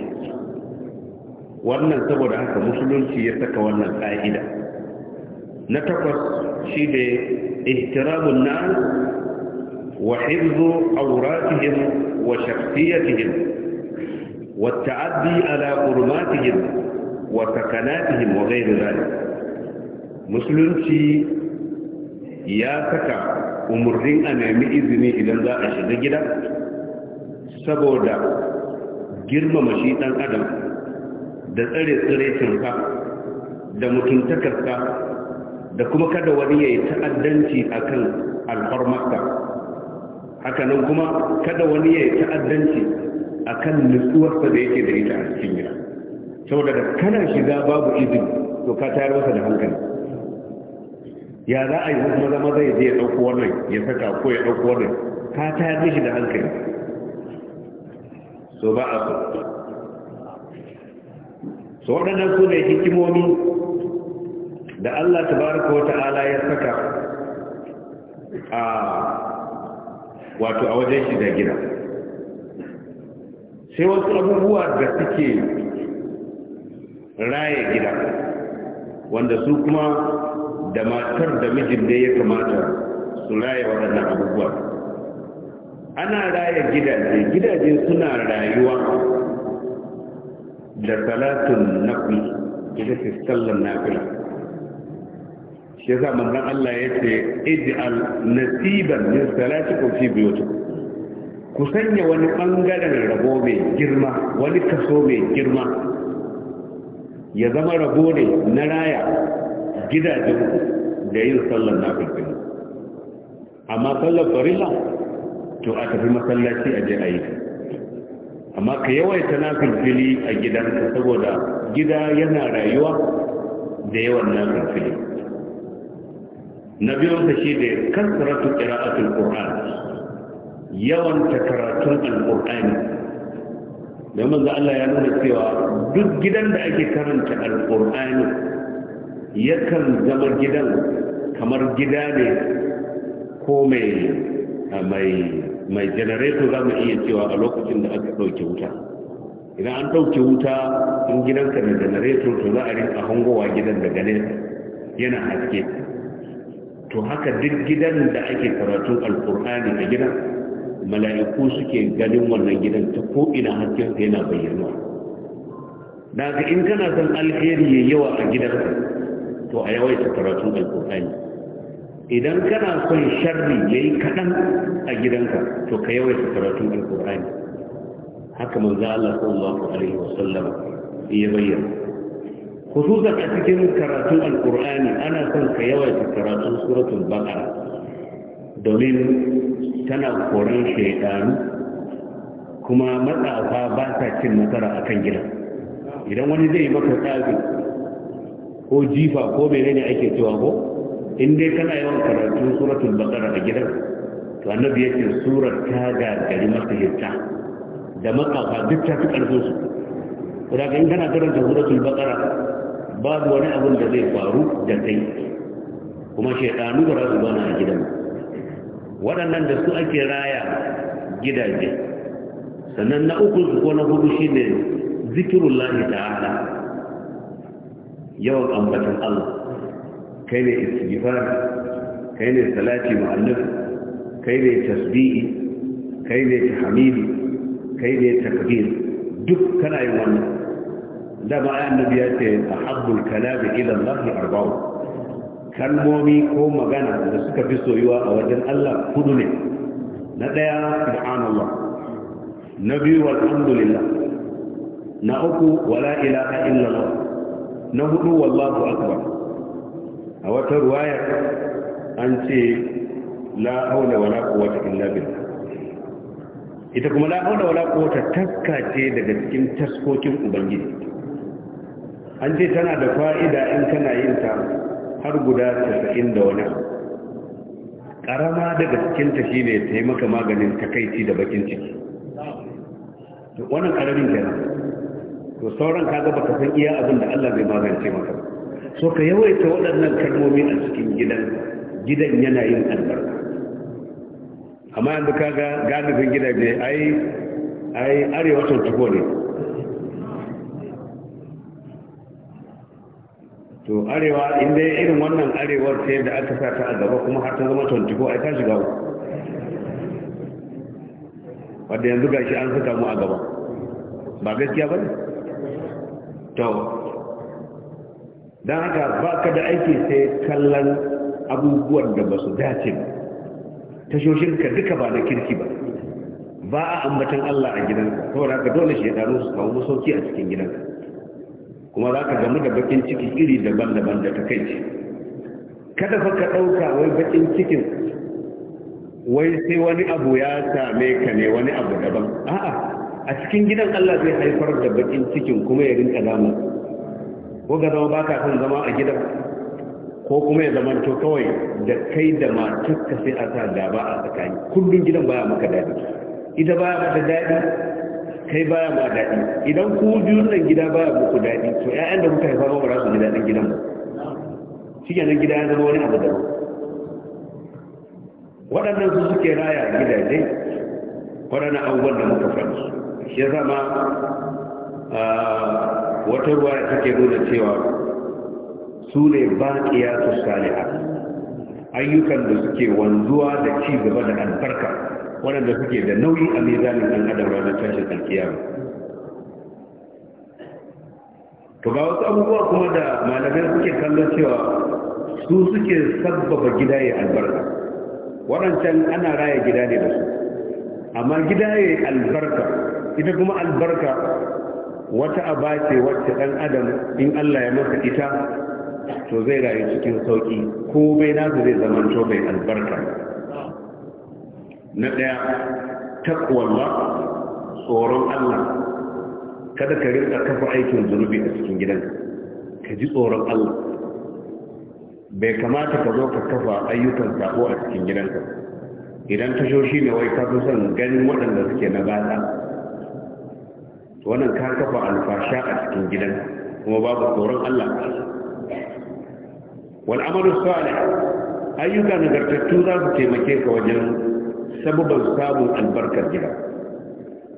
wannan saboda haka musulunci ya saka wannan ƙa'ida na takwas shi ne ihtiramun nas wa hifzu auratihim wa shakhsiyatihim wa ta'addi ala hurmatihim wa sakanatihim wa ghayri dhalik musulunci ya saka umarnin a nemi izini idan za a shiga gida saboda girmama shi ɗan adam da tsare tsiraitinka da mutuntakarka da kuma kada wani ya yi ta'addanci a kan alfarmarka hakanan kuma kada wani ya yi ta'addanci a kan nutsuwarsa da yake da ita a cikin gida saboda da kana shiga babu izini to ka tayar masa da hankali ya za a yi maza maza ya je ya ɗauko wannan ya saka ko ya ɗauko wannan ka tayar da shi da hankali so ba a so so waɗannan su ne hikimomi da Allah tabaraka wata ta'ala ya saka a wato a wajen shi da gida sai wasu abubuwa da suke raye gida wanda su kuma da matar da mijin da ya kamata su raye waɗannan abubuwa ana raye gidaje gidaje suna rayuwa da salatun nafi ita fiskallon sallan shi yasa manzon Allah ya ce ij'al nasiban min salatikum fi buyutikum ku sanya wani bangaren rabo mai girma wani kaso mai girma ya zama rabo ne na raya gidajen da yin sallar nafilin amma sallar farilla to a tafi masallaci a je a yi amma ka yawaita fili a gidanka saboda gida yana rayuwa da yawan fili. na biyunsa shi da kasratu qira'atul qur'an yawan karatun alqur'ani da manzo Allah ya nuna cewa duk gidan da ake karanta alqur'ani yakan zama gidan kamar gida ne ko mai mai generator za mu iya cewa a lokacin da aka ɗauke wuta idan an ɗauke wuta in gidanka da generator to za a rinka hangowa gidan daga nesa yana haske to haka duk gidan da ake karatun alkur'ani a gidan mala'iku suke ganin wannan gidan ta ko'ina haskensa yana bayyanuwa da ga in kana san alheri ya yawa a gidanka to a yawaita karatun alkur'ani idan kana son sharri ya yi kaɗan a gidanka to ka yawaita karatun alkur'ani haka manzo Allah sallallahu alaihi wasallam ya bayyana khususan a cikin karatun alkur'ani ana son ka yawaita karatun suratul baqara domin tana koran Shaitanu, kuma matsafa ba sa cin nasara kan gidan. idan wani zai maka tsafi ko jifa ko menene ake cewa ko in dai kana yawan karatun suratul baqara a gidan to annabi yake surar ta gagari masa hitta da matsafa duk ta fi karfin su da in kana karanta suratul baqara babu wani abin da zai faru da kai kuma shaidanu ba su bana a gidan waɗannan da su ake raya gidaje sannan na uku ko na hudu shi ne zikirullahi ta'ala yawan ambatan Allah kai ne istighfar kai ne salati ma'allif kai ne Tasbi'i? kai ne tahmidi kai ne takbir duk kana yi wannan da a annabi ya ce ahabbul kalami ila Allah arba'u kalmomi ko magana da suka fi soyuwa a wajen Allah kudu ne na daya subhanallah na biyu alhamdulillah na uku wala ilaha illallah na hudu wallahu akbar a wata ruwaya an ce la hawla wala quwwata illa billah ita kuma la hawla wala quwwata ce daga cikin taskokin ubangiji an ce tana da fa'ida in kana yin ta har guda 90 da wani karama daga cikinta shi ne ta yi maka maganin takaici da bakin ciki wannan karamin kenan to sauran kaga baka san iya abin da Allah bai magance maka so ka yawaita waɗannan kalmomi a cikin gidan gidan yana yin albarka amma yanzu kaga galibin gidaje ai ai arewa sau tuko ne to arewa in irin wannan arewar sai da aka sa ta a gaba kuma har ta zama 24 ai ta shiga uku wadda yanzu gashi an saka mu a gaba ba gaskiya ba ne to don haka ba ka da aiki sai kallon abubuwan da ba su dace ba ka duka ba na kirki ba ba a ambatan Allah a gidanka saboda haka dole shi ya taru su kawo masauki a cikin gidanka kuma za ka gamu da bakin ciki iri daban-daban da ta kai ce kada fa ka ɗauka wai bakin cikin wai sai wani abu ya same ka ne wani abu daban a'a a cikin gidan Allah zai haifar da bakin cikin kuma ya rinka zama ko ga zama baka son zama a gidan ko kuma ya zama to kawai da kai da matar ka sai a sa gaba a tsakani kullun gidan baya maka daɗi ita baya maka daɗi kai baya ma daɗi idan ku biyu nan gida baya muku daɗi to ƴaƴan da kuka haifa ba su ji daɗin gidan ba shi gida ya zama wani abu daban waɗannan su suke raya gidaje waɗannan abubuwan da muka faɗi shi zama wata ruwa da take nuna cewa su ne baƙiya su sali'a ayyukan da suke wanzuwa da ci gaba da albarka waɗanda suke da nauyi a mizanin ɗan adam ranar tashin alkiyama to ga wasu abubuwa kuma da malamai suke kallon cewa su suke sabbaba gida ya albarka waɗancan ana raya gida ne da su amma gida ya albarka ita kuma albarka wata aba ce wacce ɗan adam in allah ya masa ita to zai rayu cikin sauƙi ko bai nasu zai zamanto mai albarka na ɗaya takwallah tsoron Allah kada ka rinka kafa aikin zunubi a cikin gidanka ka ji tsoron Allah bai kamata ka zo ka kafa ayyukan sabo a cikin gidanka idan tashoshi ne wai ka fi son ganin waɗanda suke na gata wannan ka kafa alfasha a cikin gidanka kuma babu tsoron Allah wal amalu salih ayyuka nagartattu za su taimake ka wajen sababin samun albarkar gida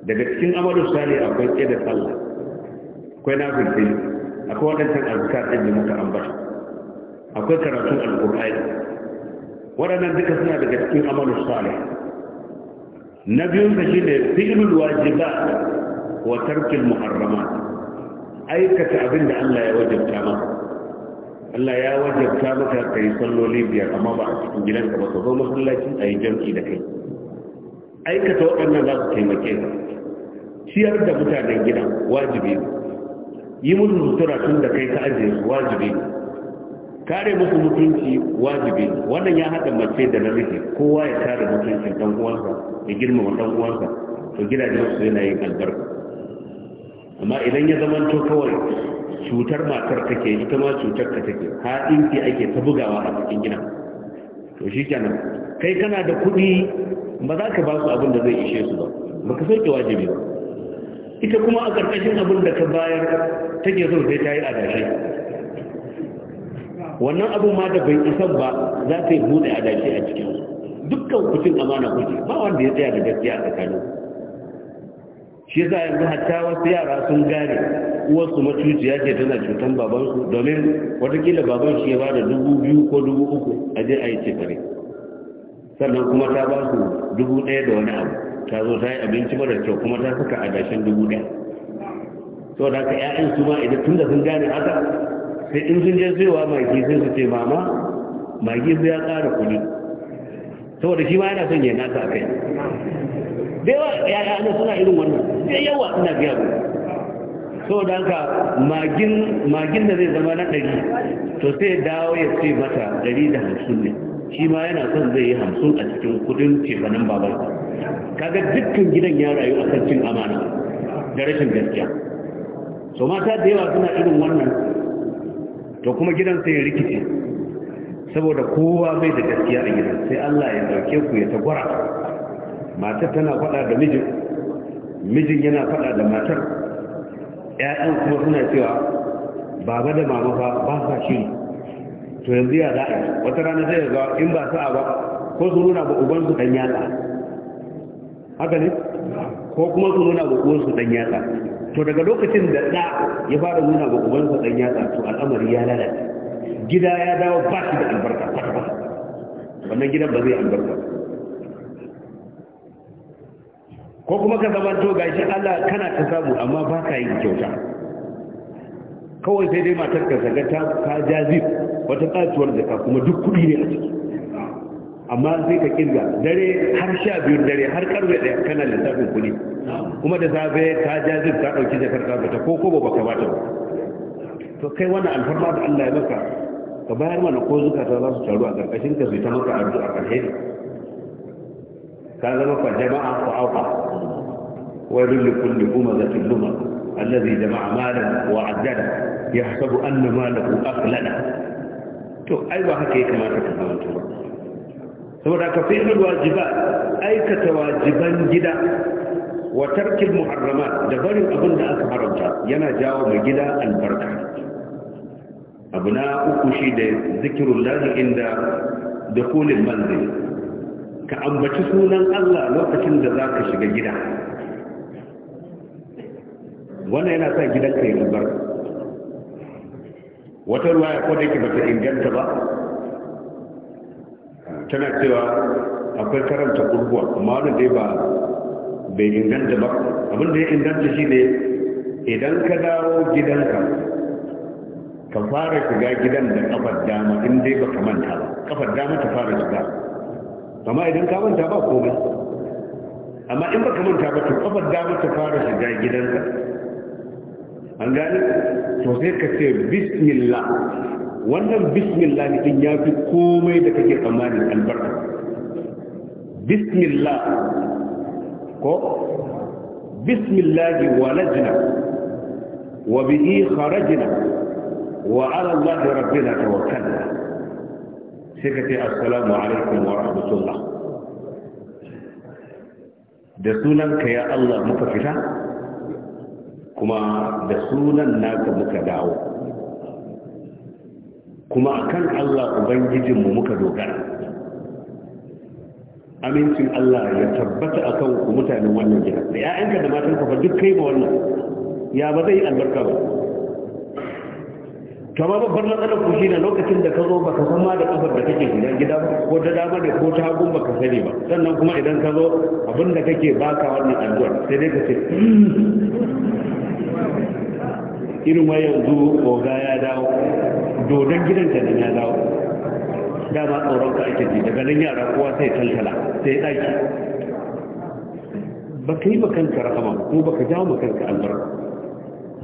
daga cikin Amadu sani akwai tsaye da sallah akwai na firfiri akwai waɗancan azkar ɗin da muka ambata akwai karatun alƙur'ani waɗannan duka suna daga cikin Amadu sani na biyun ka shi ne fi'ilul wajiba wa tarkil muharramat aikata abin da Allah ya wajabta maka Allah ya wajabta maka ka yi salloli biyar amma ba a cikin ka ba ka zo masallaci a yi jam'i da kai aikata waɗannan za su taimake ka ciyar da mutanen gida wajibi yi musu sutura tun da kai ka ajiye su wajibi kare musu mutunci wajibi wannan ya haɗa mace da namiji kowa ya kare mutunci ɗan uwansa ya girmama ɗan uwansa to gidajen su yana yin albarka amma idan ya zamanto kawai cutar matar kake ita ma cutar ka take haɗin ki ake ta bugawa a cikin gina to shi kai kana da kuɗi ba za ka ba su abin da zai ishe su ba ba ka sauke wajibi ba ita kuma a ƙarƙashin abin da ka bayar take zo sai ta yi adashi wannan abin ma da bai isan ba za ta yi buɗe adashi a cikin dukkan kucin amana kuke ba wanda ya tsaya da gaskiya a tsakanin shi yasa yanzu hatta wasu yara sun gane uwarsu macuciya ce tana cutan babansu domin watakila baban shi ya bada dubu biyu ko dubu uku a je a yi cefare sannan kuma ta ba su dubu ɗaya da wani abu ta zo ta yi abinci mara kyau kuma ta saka adashin dubu ɗaya sau da 'ya'yan su ma idan tun da sun gane haka sai in sun je sayowa magi sai su ce mama magi su ya ƙara kuɗi saboda shi ma yana son yana nasa kai da yawa suna irin wannan sai yawa suna biya mu so da haka magin da zai zama na ɗari to sai dawo ya ce mata ɗari da hamsin ne shi ma yana son zai yi hamsin a cikin kudin cefanen babar kaga dukkan gidan ya rayu a kan cin amana da rashin gaskiya so mata da yawa suna irin wannan to kuma gidan sai ya rikice saboda kowa bai da gaskiya a gidan sai Allah ya dauke ku ya tagwara matar tana faɗa da mijin mijin yana faɗa da matar ƴaƴan kuma suna cewa baba da mama fa ba sa shi to yanzu ya za'a wata rana zai ga in ba sa'a ba ko su nuna ba uban su dan yatsa haka ne ko kuma su nuna ba uban su dan yatsa to daga lokacin da da ya fara nuna ba uban su dan yatsa to al'amari ya lalace gida ya dawo ba shi da albarka kwata-kwata wannan gidan ba zai albarka ba. ko kuma ka zama to gashi Allah kana ta samu amma ba ka yi kyauta kawai sai dai matar ka saka ta ka jazi wata tsatuwar da ka kuma duk kuɗi ne a ciki amma sai ka kirga dare har sha biyu dare har karfe daya kana lissafin kuɗi kuma da safe ta jazi ta ɗauki jakar ka ta ko ko ba ka bata ba to kai wannan alfarma da Allah ya maka ka bayar mana ko ta za su taru a karkashin ka zai ta maka a alheri ta zama kwa jama'a ku auka wa dulli kulli umazatin lumar allazi jama'a malan wa addada yahsabu anna malahu aqlada to ai ba haka ya kamata ka zamanto ba saboda ka fi wajiba aikata wajiban gida wa tarkil muharramat da barin abin da aka haramta yana jawo mai gida albarka abu na uku shi da zikirun lahi inda da kulin manzil ka ambaci sunan Allah lokacin da za ka shiga gida wannan yana sa gidanka ya rubar wata ruwa ya kodai ki bata inganta ba tana cewa akwai karanta kurguwa amma wani dai ba bai inganta ba abin da ya inganta shi ne idan ka dawo gidanka ka fara shiga gidan da kafar dama in dai ka manta ba kafar dama ta fara shiga amma idan ka manta ba komai amma in baka manta ba to kafar dama ta fara shiga gidanka an gane to sai ka ce bismillah wannan bismillah ne din yafi komai da kake tsammanin albarka bismillah ko bismillah walajna wa bihi kharajna wa ala allah rabbina tawakkalna sai ka ce assalamu alaikum wa rahmatullah da sunan ka ya Allah muka fita kuma da sunan naka muka dawo kuma akan Allah ubangijinmu muka dogara amincin Allah ya tabbata akan ku mutanen wannan gida da ƴaƴanka da matan fa duk kai ba wannan ya ba zai albarka ba kama babbar matsalar ku shi ne lokacin da ka zo baka san ma da kafar da kake gidan gida ko da dama da ko ta gumba baka sani ba sannan kuma idan ka zo abin da kake baka wannan addu'a sai dai ka ce hmm. irin wa yanzu oga ya dawo dodon gidan ta ya dawo dama tsoron ka ake ji daga nan yara kowa sai tantala sai daki baka yi ba kanka rahama ko baka jawo ma kanka albarka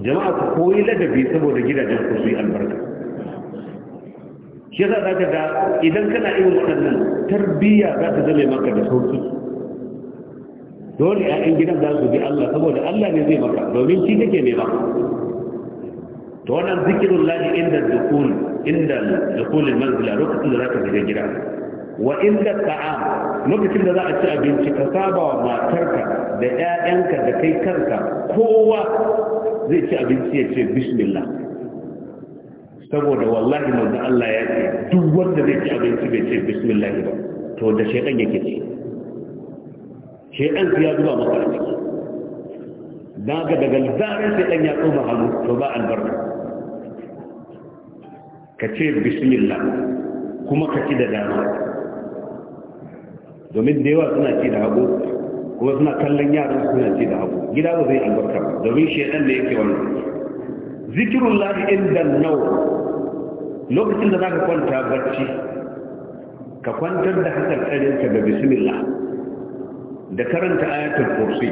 jama'a ku koyi ladabi saboda gidajen ku su yi albarka shi yasa za ka ga idan kana irin wannan tarbiyya za ta zame maka da sauki dole ‘ya'yan gidan za su bi Allah saboda Allah ne zai maka domin shi kake nema to wannan zikirun lahi inda dukul inda dukulin manzila lokacin da za ka shiga gida wa inda ta'am lokacin da za a ci abinci ka saba wa matarka da ‘ya'yanka da kai kanka kowa zai ci abinci ya ce bismillah saboda wallahi manzo Allah ya ce duk wanda zai ci abinci bai ce bismillah ba to da shaytan yake ce shaytan ya zuba maka a ciki daga daga zarar shaytan ya tsoma hannu to ba albarka ka ce bismillah kuma ka ci da dama domin da yawa suna ci da hagu kuma suna kallon yaran suna ce da abu gida ba zai albarka domin shaidan da yake wannan zikirun lafi inda nau lokacin da za ka kwanta barci ka kwantar da hasar tsarinka da bismillah da karanta ayatul kursi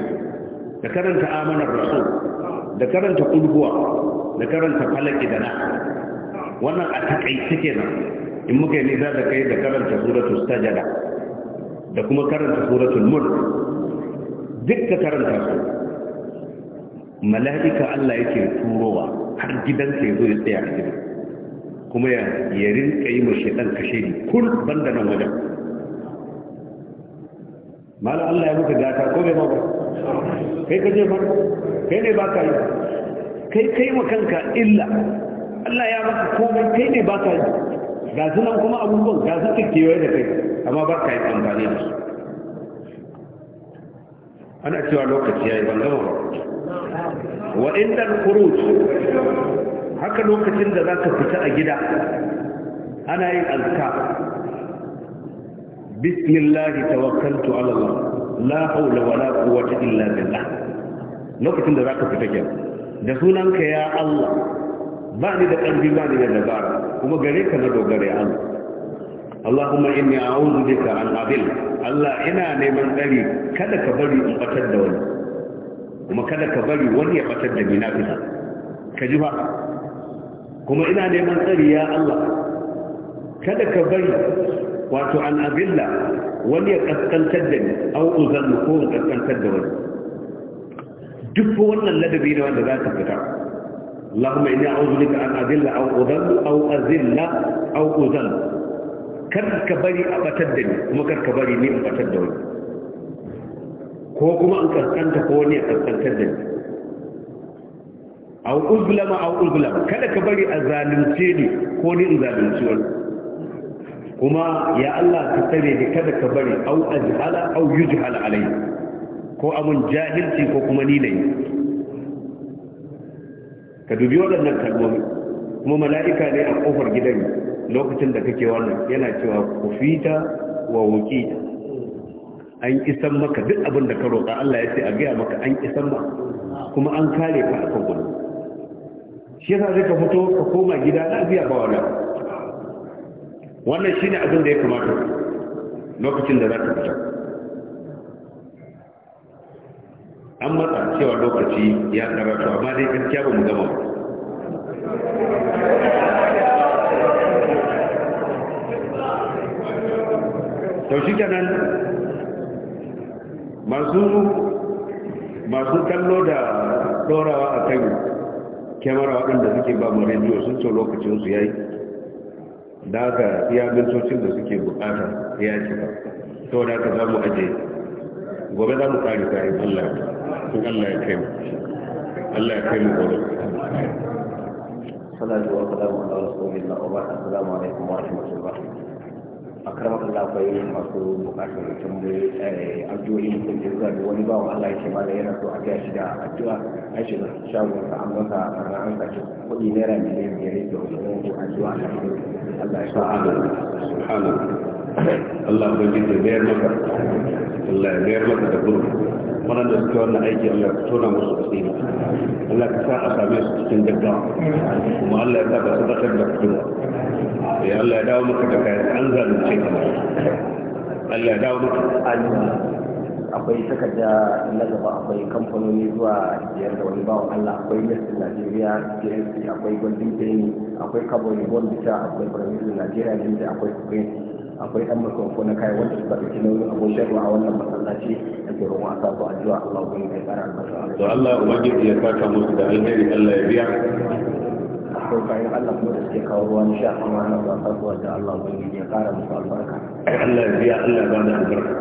da karanta amanar rasul da karanta kulhuwa da karanta falaki da na wannan a takaice kenan in muka yi nisa da kai da karanta suratul sajada da kuma karanta suratul mulk duk ka karanta su mala'ika Allah yake turowa har gidansa ya zo ya tsaya a gidan kuma ya rinka yi mu ɗan kashe ni kul banda nan wajen mala Allah ya muka gata ko bai ba kai ka je ba kai ne ba ka yi kai kai ma kanka illa Allah ya maka komai kai ne ba ka yi ga sunan kuma abubuwan ga su yoyi da kai amma ba ka yi amfani da su ana cewa lokaci yayi ban gama ba wa inda al-khuruj haka lokacin da zaka fita a gida ana yin azka bismillah tawakkaltu ala Allah la hawla wala quwwata illa billah lokacin da zaka fita kenan da sunanka ya Allah ba ni da ƙarfi ba ni da dabara kuma gare ka na dogara ya Allah Allahumma inni a'udhu bika an adil Allah ina neman tsari kada ka bari in batar da wani kuma kada ka bari wani ya batar da ni na fita ka ji ba kuma ina neman tsari ya Allah kada ka bari wato an adilla wani ya kaskantar da ni au uzallu ko in kaskantar da wani duk wannan ladabi ne wanda za ka fita Allahumma inni a'udhu bika an adilla au udalla au azilla au uzalla karka bari a batar da ni kuma karka bari ni a batar da wani ko kuma an kaskanta ko wani a kaskantar da ni A uzlama a uzlama kada ka bari a zalunce ni ko ni in zalunci wani kuma ya Allah ka tsare ni kada ka bari au ajhala au yujhal alai ko amun jahilci ko kuma ni ne ka dubi waɗannan kalmomi kuma mala'ika ne a ƙofar gidan lokacin da kake wannan yana cewa kufita wa wukita an isan maka duk abin da ka roƙa Allah ya ce a gaya maka an isan ma kuma an kare ka akan gudu shi yasa zai ka fito ka koma gida lafiya ba wala wannan shine abin da ya kamata lokacin da za ka fita an matsa cewa lokaci ya karatu amma dai gaskiya ba mu gama ba to kenan masu masu kallo da dorawa a kan kyamara waɗanda suke ba mu rediyo sun ce lokacinsu ya yi da aka iya bincocin da suke bukata ya ce ba to da aka zamu aje gobe za mu kare kayan allah in allah ya kai allah ya kai mu gobe salatu wa salamu ala rasulillah wa assalamu alaikum wa rahmatullah a karamar Allah masu bukatar tambayi addu'o'in da eh, ke zuwa da wani bawan Allah yake ma da yana so a ga shi da addu'a an shiga shagon sa an a barna an sace kuɗi naira miliyan biyar da wani addu'a Allah ya sa su subhanallah Allah ko ji bayar maka Allah ya bayar maka da gudu Mana da suke wannan aiki Allah ka tona musu asiri Allah ka sa a same su cikin gaggawa kuma Allah ya sa ba su bakar da kuma ya Allah ya dawo maka da kayan an zalunce ka Allah ya dawo maka da akwai takarda na gaba akwai kamfanoni zuwa biyar da wani bawan Allah akwai Nestle Nigeria PNC akwai Golden Penny akwai kabo Carbon Bond akwai Premier Nigeria Limited akwai Spain akwai ɗan makonko na kai wanda suka ɗauki nauyin abokan a wannan masallaci da ke roƙon a sa su addu'a Allah ya kai tsara albarka to Allah ubangiji ya saka musu da alheri Allah ya biya akwai bayan Allah kuma da suke kawo ruwan sha amma na ba sa zuwa da Allah ubangiji ya ƙara musu albarka Allah ya biya Allah ya bada albarka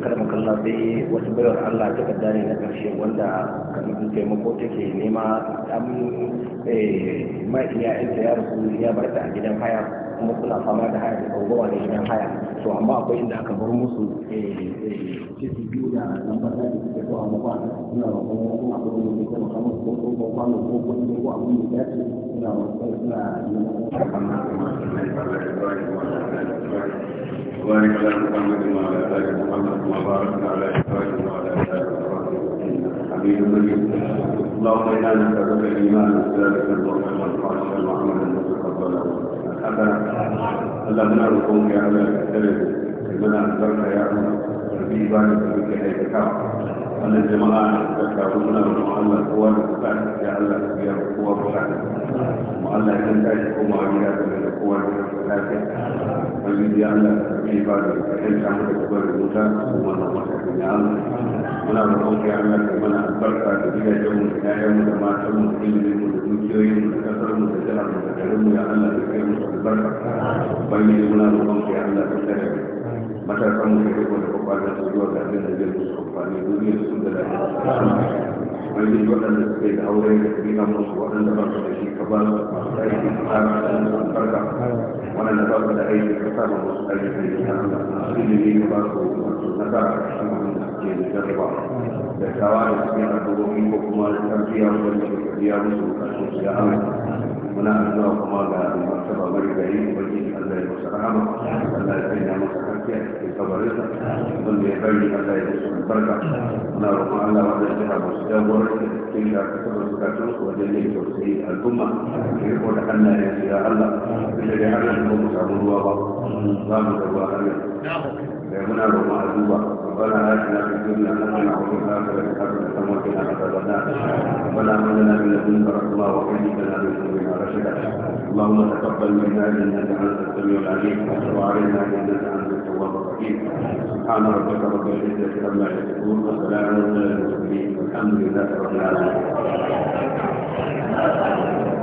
kada mu kalla sai wasu bayar Allah ta kadda ne na ƙarshe wanda kamar taimako take nema dan eh, mai iyayenta ya rasu ya bar ta a gidan haya kuma suna fama da haya da gaugawa da gidan haya to amma akwai inda aka bar musu ciki eh, eh, biyu da lambar da suke so amma suna ba kuma kuma abu da ke kuma ko ko ko kwano ko ko ko ko abu da ya ce suna ba suna suna kamar وبارك على محمد وعلى ال محمد وبارك على ابراهيم وعلى ال ابراهيم حميد مجيد اللهم انا نسالك الايمان وذلك الروح والقرآن وعملا متقبلا hasana Allah muna roƙon ka ya Allah ka tsare mu mana albarka ya Allah ka bi ba da muke aikatawa wannan jama'a da suka taru muna da Allah kowa da suka ya Allah ya biya kowa bukata kuma Allah ya shi koma a gida da da kowa da lafiya wani ya Allah ya yi ba da suka kanta mu da kuma da zuta kuma da ya Allah muna da kwanke Allah ya mana albarka da gidajen mu da ƴaƴan mu da matan mu da ilimin mu da dukiyoyin mu da kasar mu da jihar mu da garin mu ya Allah ya kai mu albarka bayan muna da kwanke Allah ya kare mu matasan mu kai ko da kwakwalwa zuwa ga abin da zai musu amfani duniya su da lafiya wani duk waɗanda suka da aure da kabila musu waɗanda ba su da shi ka ba su masu aiki ka ba da su albarka waɗanda ba su da aiki ka sa musu aiki da yi na Allah ilimi ka ba su masu nasara a cikin abin da suke da jarraba da tawa da suke addu'o'i ko kuma tarbiyya wanda suke biya musu bukatun su ya Allah muna addu'a kuma ga martaba mai gari ubangiji Allah ya masa rahama Allah ya sanya masa hakiya cikin kabarinsa wanda ya bari Allah ya masa albarka muna roƙon Allah wanda ya jira masu jagoranci cikin da aka saba suka tunsu wajen ya tausayi al'umma ya ko Allah ya tsira Allah da dai har yanzu ba samu ruwa ba za mu da ruwa har yanzu Eh, muna roƙon azuba bana na shi na cikin na kuma na wani na kare ka da kuma ke na da bana bana mun da na da sun fara kuma wa kai da na da sun yi mara shi da Allahu ta takabbal min na da na da an da sun yi da ni wa ai na da na da an da tuwa ba ki subhana rabbika rabbil izzati amma yasifun wa salamun ala al-mursalin walhamdulillahi rabbil alamin